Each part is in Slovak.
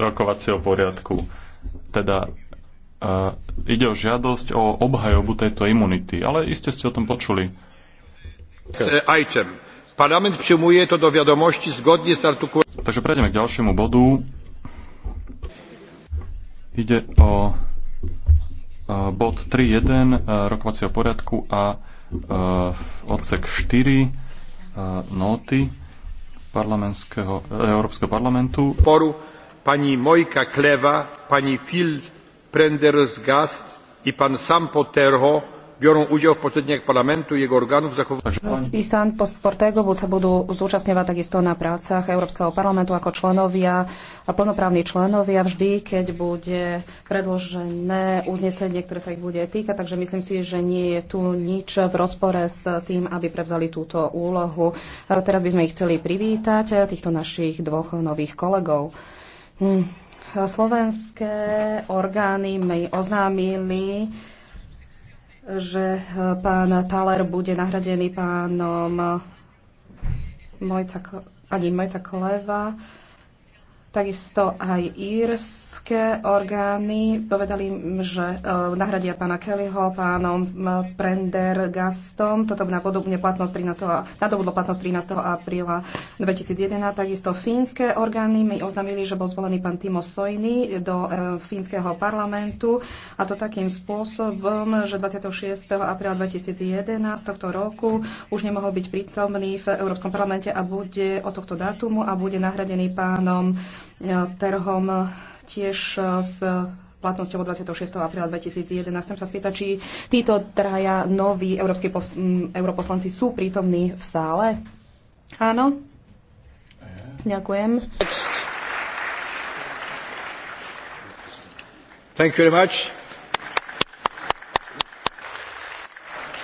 rokovacieho poriadku. Teda uh, ide o žiadosť o obhajobu tejto imunity, ale iste ste o tom počuli. Eh, item. Parlament přijmuje to do wiadomości zgodnie s artykułem... Takže prejdeme k ďalšiemu bodu. Ide o uh, bod 3.1 uh, rokovacieho poriadku a uh, odsek 4 uh, nóty parlamentského, Európskeho parlamentu. Poru pani Mojka Kleva, pani Phil Prendergast i pan Sam Poterho biorą udział w posiedzeniach parlamentu i jego organów zachowujących... I Sam Postergo sa budú zúčastňovať takisto na prácach Európskeho parlamentu ako členovia a plnoprávni členovia vždy, keď bude predložené uznesenie, ktoré sa ich bude týkať. Takže myslím si, že nie je tu nič v rozpore s tým, aby prevzali túto úlohu. Teraz by sme ich chceli privítať, týchto našich dvoch nových kolegov. Hm. Slovenské orgány mi oznámili, že pán Taler bude nahradený pánom Mojca, pani Mojca Kleva. Takisto aj írske orgány povedali, že e, nahradia pána Kellyho pánom Prender Gastom. Toto podobne platnosť 13. Nadobudlo platnosť 13. apríla 2011. Takisto fínske orgány mi oznámili, že bol zvolený pán Timo Sojny do e, fínskeho parlamentu a to takým spôsobom, že 26. apríla 2011 tohto roku už nemohol byť prítomný v Európskom parlamente a bude od tohto dátumu a bude nahradený pánom trhom tiež e, s platnosťou od 26. apríla 2011. Chcem sa spýtať, či títo traja noví európsky po, m, europoslanci sú prítomní v sále? Áno? Ďakujem. Thank you very much.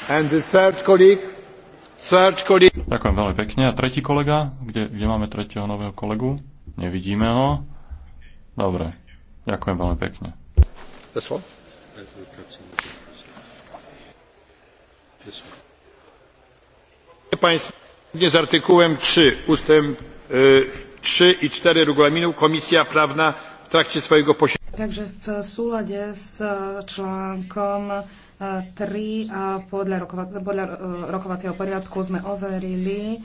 And the third colleague, third colleague. Ďakujem veľmi pekne. A tretí kolega, kde, kde máme tretieho nového kolegu? Nevidíme ho. Dobre. Ďakujem veľmi pekne. This one? This zgodnie z artykułem trzy ustęp trzy i cztery regulaminu komisja prawna w trakcie swojego posiedzenia Takže v súlade s článkom 3 a podľa, podľa e, rokovacieho poriadku sme overili